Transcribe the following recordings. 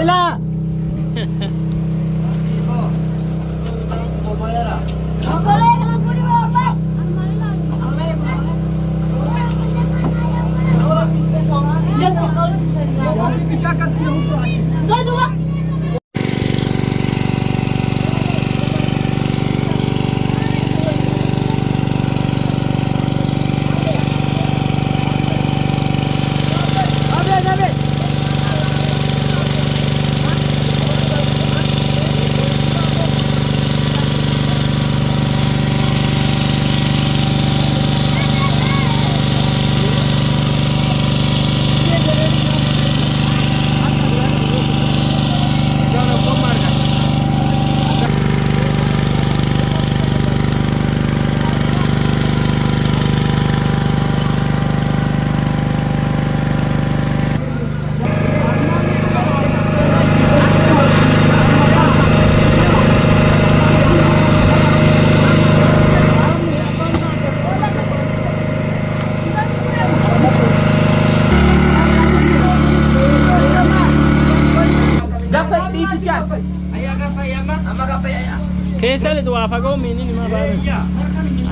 Ila!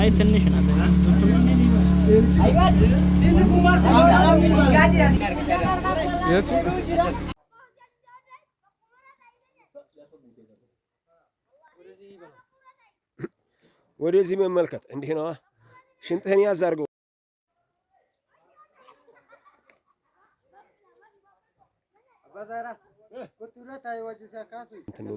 አይ ትንሽ ናት። ወደዚህ መመልከት እንዲህ ነዋ። ሽንጥህን ያዝ አድርገው። እንትን ነው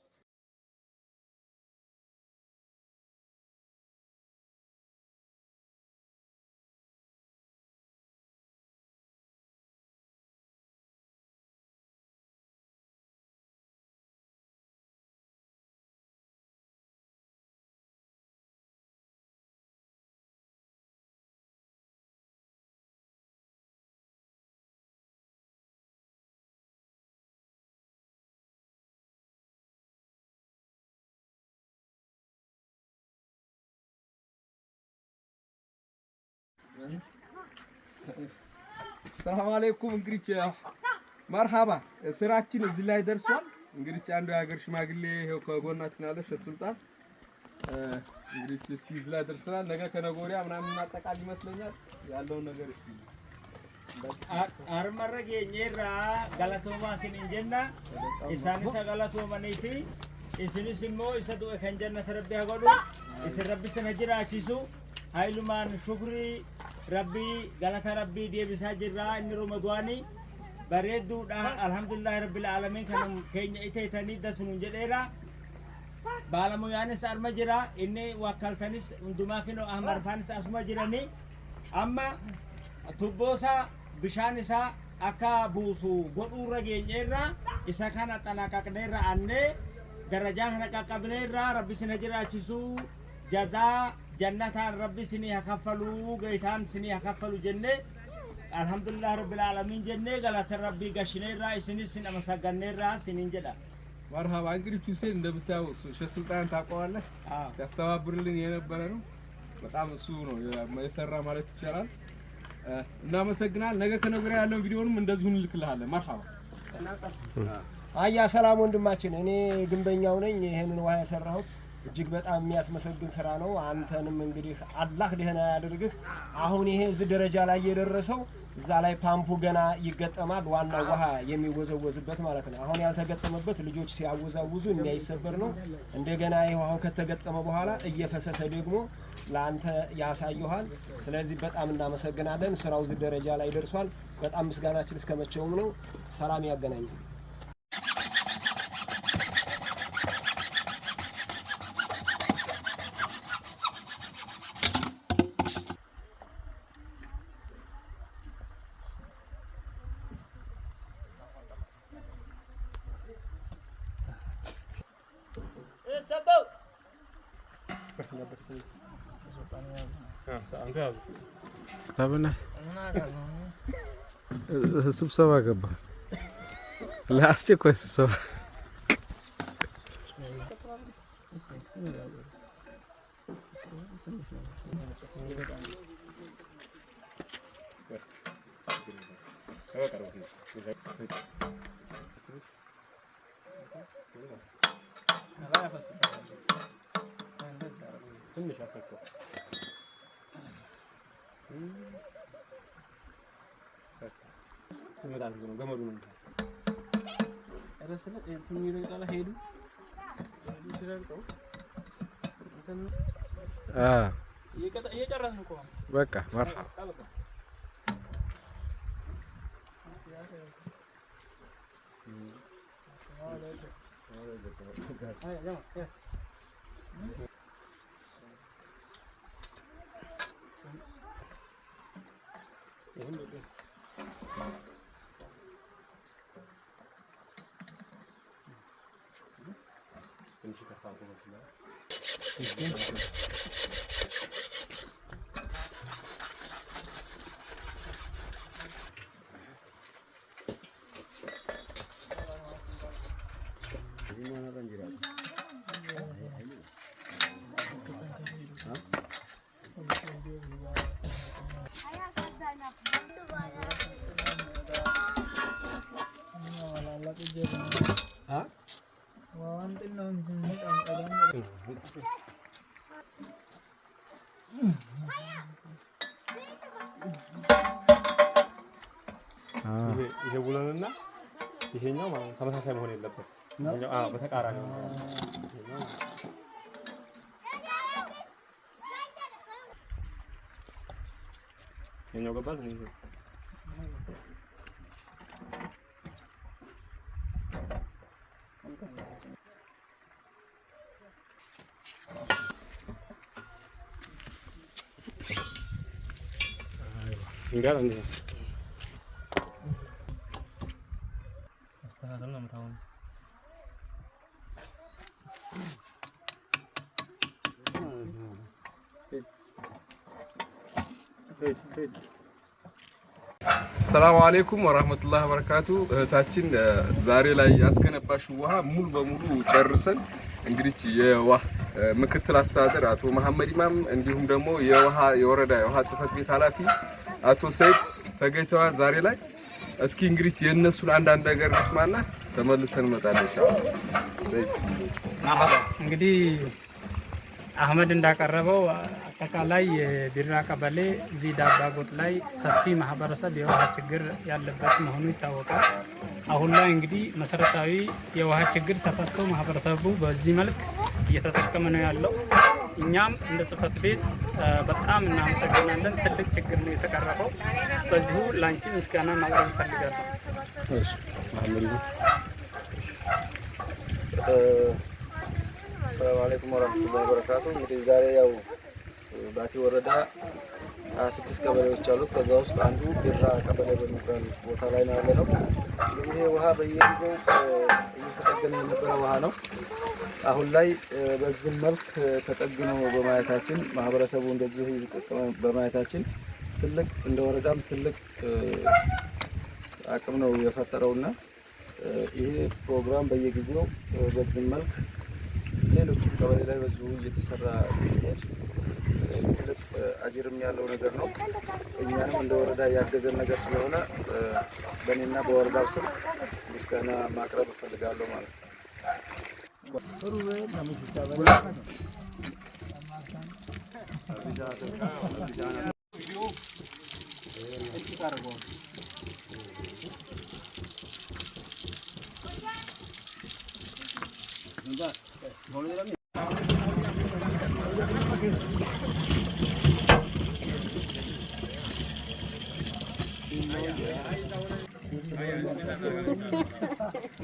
ሰላም አለይኩም። እንግዲህ መርሃባ ስራችን እዚህ ላይ ደርሷል። እንግዲህ አንዱ የሀገር ሽማግሌ ይኸው ከጎናችን አለ ሸህ ሱልጣን። እንግዲህ እስኪ እዚህ ላይ ደርሰናል። ነገ ከነገ ወዲያ ምናምን እናጠቃል ይመስለኛል ያለውን ነገር እስኪ አርመረ ገለቶማ ስንን ጀና ኢሳኒሳ ገለቶመኒቲ isinis immoo isa du'e kan jannata rabbi haa godhu isin rabbis sana jiraachisu rabbii galata rabbii deebisaa jirra inni ramadaani bareedduudha alhamdulillahi rabbil aalamiin kan keenya iteetanii dasunuun jedheera baalamuyyaanis arma jira inni wakkaltanis hundumaa kinoo ahmarfaanis asuma jirani amma tubboosaa bishaan isaa akka buusu godhuurra geenyeerra isa kana xalaqaqneerra annee darajaa kana qaqqabneerra rabbi sina jiraachisu jazaa ጀነታን ረቢ ስኒ ያከፈሉ ገይታን ስኒ ያከፈሉ ጀኔ አልሐምዱሊላህ ረቢል ዓለሚን ጀኔ ገላተን ረቢ ገሽኔራ ስኒ ስን አመሰገኔራ ስኒን ጀዳ መርሃባ እንግዲህ ሁሴን እንደምታየው ሼህ ሱልጣን ታውቀዋለህ። ሲያስተባብርልን የነበረ ነው። በጣም እሱ ነው የሰራ ማለት ይቻላል። እናመሰግናል። ነገ ከነገ ያለውን ቪዲዮንም እንደዚሁ እንልክልሃለን። መርሃባ አያ ሰላም ወንድማችን፣ እኔ ግንበኛው ነኝ ይሄንን ውሃ ያሰራሁት እጅግ በጣም የሚያስመሰግን ስራ ነው። አንተንም እንግዲህ አላህ ደህና ያድርግህ። አሁን ይሄ እዚህ ደረጃ ላይ የደረሰው እዛ ላይ ፓምፑ ገና ይገጠማል። ዋናው ውሃ የሚወዘወዝበት ማለት ነው። አሁን ያልተገጠመበት ልጆች ሲያወዛውዙ የሚያይሰበር ነው። እንደገና ውሃው ከተገጠመ በኋላ እየፈሰሰ ደግሞ ለአንተ ያሳየሃል። ስለዚህ በጣም እናመሰግናለን። ስራው እዚህ ደረጃ ላይ ደርሷል። በጣም ምስጋናችን እስከመቼውም ነው። ሰላም ያገናኛል። está bem, ah, tá tá não é? Não, não, né? não. Last year quest so. ትንሽ አሰከው ይመጣል። ነው ገመዱ ነው ረስለ እንትን ይረግጣል። ሄዱ በቃ መርሐባ Benim de Benim şu kafa buluşuna. Limona'dan girelim. ይሄ ይሄ ውሎንና ይሄኛው ማለት ተመሳሳይ መሆን የለበት። ይሄኛው አዎ፣ በተቃራኒ ነው። ይሄኛው ገባል ነው ይሄ Thank you. እንጋር አንድ አስተካከል ነው የምታውን ሰላም አሌይኩም ወራህመቱላህ በረካቱ። እህታችን ዛሬ ላይ ያስገነባሽው ውሃ ሙሉ በሙሉ ጨርሰን እንግዲህ የውሃ ምክትል አስተዳደር አቶ መሐመድ ኢማም እንዲሁም ደግሞ የውሃ የወረዳ የውሃ ጽህፈት ቤት ኃላፊ አቶ ሰይድ ተገኝተዋል ዛሬ ላይ። እስኪ እንግዲህ የእነሱን አንዳንድ ነገር እንስማና ተመልሰን እንመጣለን። እንግዲህ አህመድ እንዳቀረበው አጠቃላይ የቢራ ቀበሌ እዚህ ዳባ ላይ ሰፊ ማህበረሰብ የውሃ ችግር ያለበት መሆኑ ይታወቃል። አሁን ላይ እንግዲህ መሰረታዊ የውሃ ችግር ተፈቶ ማህበረሰቡ በዚህ መልክ እየተጠቀመ ነው ያለው። እኛም እንደ ጽህፈት ቤት በጣም እናመሰግናለን። ትልቅ ችግር ነው የተቀረፈው። በዚሁ ላንቺ ምስጋና ማቅረብ እንፈልጋለን። ሰላም አለይኩም ወራህመቱላሂ ወበረካቱ። እንግዲህ ዛሬ ያው ባቲ ወረዳ ሀያ ቀበሌዎች አሉት። ከዛ ውስጥ አንዱ ቢራ ቀበሌ በሚባል ቦታ ላይ ነው ያለነው። ይሄ ውሃ በየጊዜው እየተጠገነ የነበረ ውሃ ነው። አሁን ላይ በዚህ መልክ ተጠግኖ በማየታችን ማህበረሰቡ እንደዚህ እየተጠቀመ በማየታችን ትልቅ እንደ ወረዳም ትልቅ አቅም ነው የፈጠረውና ይሄ ፕሮግራም በየጊዜው በዚህ መልክ ሌሎችም ቀበሌ ላይ በዙ እየተሰራ ይሄድ ትልቅ አጅርም ያለው ነገር ነው። እኛንም እንደ ወረዳ ያገዘን ነገር ስለሆነ በእኔና በወረዳው ስም ምስጋና ማቅረብ እፈልጋለሁ ማለት ነው። 서로의 나무 빗자루 그리 Yeah.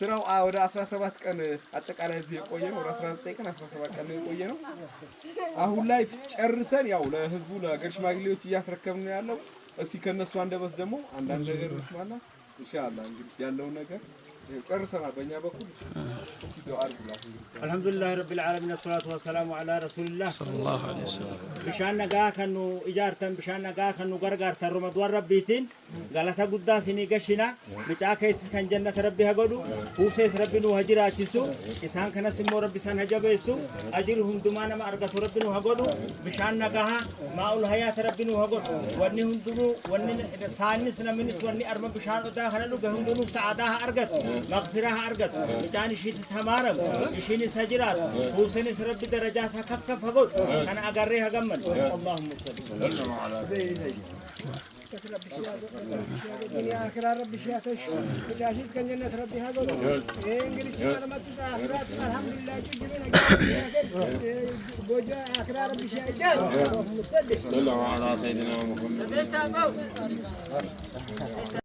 ስራው ወደ 17 ቀን አጠቃላይ እዚህ የቆየ ነው። ወደ 19 ቀን 17 ቀን የቆየ ነው። አሁን ላይ ጨርሰን ያው ለህዝቡ ለሀገር ሽማግሌዎች እያስረከብን ነው ያለው። እስኪ ከነሱ አንደበት ደግሞ አንዳንድ ነገር እንስማና ኢንሻአላህ እንግዲህ ያለውን ነገር ጨርሰናል። በእኛ በኩል እስኪ ዱአ አድርጉላት። አልሐምዱሊላህ ረቢል ዓለሚን ወሰላቱ ወሰላሙ ዐላ ረሱሊላህ ሰለላሁ ዐለይሂ ወሰለም ብሻና ጋከኑ ኢጃርተን ብሻና ጋከኑ ከኑ ገርጋርተን ረመዷን ረቢቲን galata guddaa isinii gashina micaa keessi kan jannata rabbi haa godhu kuusees rabbi nuu haa jiraachisu isaan kanas immoo rabbi isaan haa jabeessu ajiru hundumaa nama argatu rabbi nuu haa godhu bishaan nagaha maa'ul hayaata rabbi nuu haa godhu wanni hundinuu wanni saannis naminis wanni arma bishaan odaa kana dhuge hundinuu sa'aadaa haa argatu maqfiraa haa argatu micaan ishiitis haa maaramu ishiinis haa jiraatu kuuseenis rabbi darajaa isaa kakkaf haa godhu kana agarree haa gammadu allaahumma salli. يا رب الشهاده يا رب الشهاده تجاهد كان جنة ربي هذا انجلش انا ما تسع اخرات الحمد لله تجينا بوجا اخرى ربي شهاده مسدس صلوا على سيدنا محمد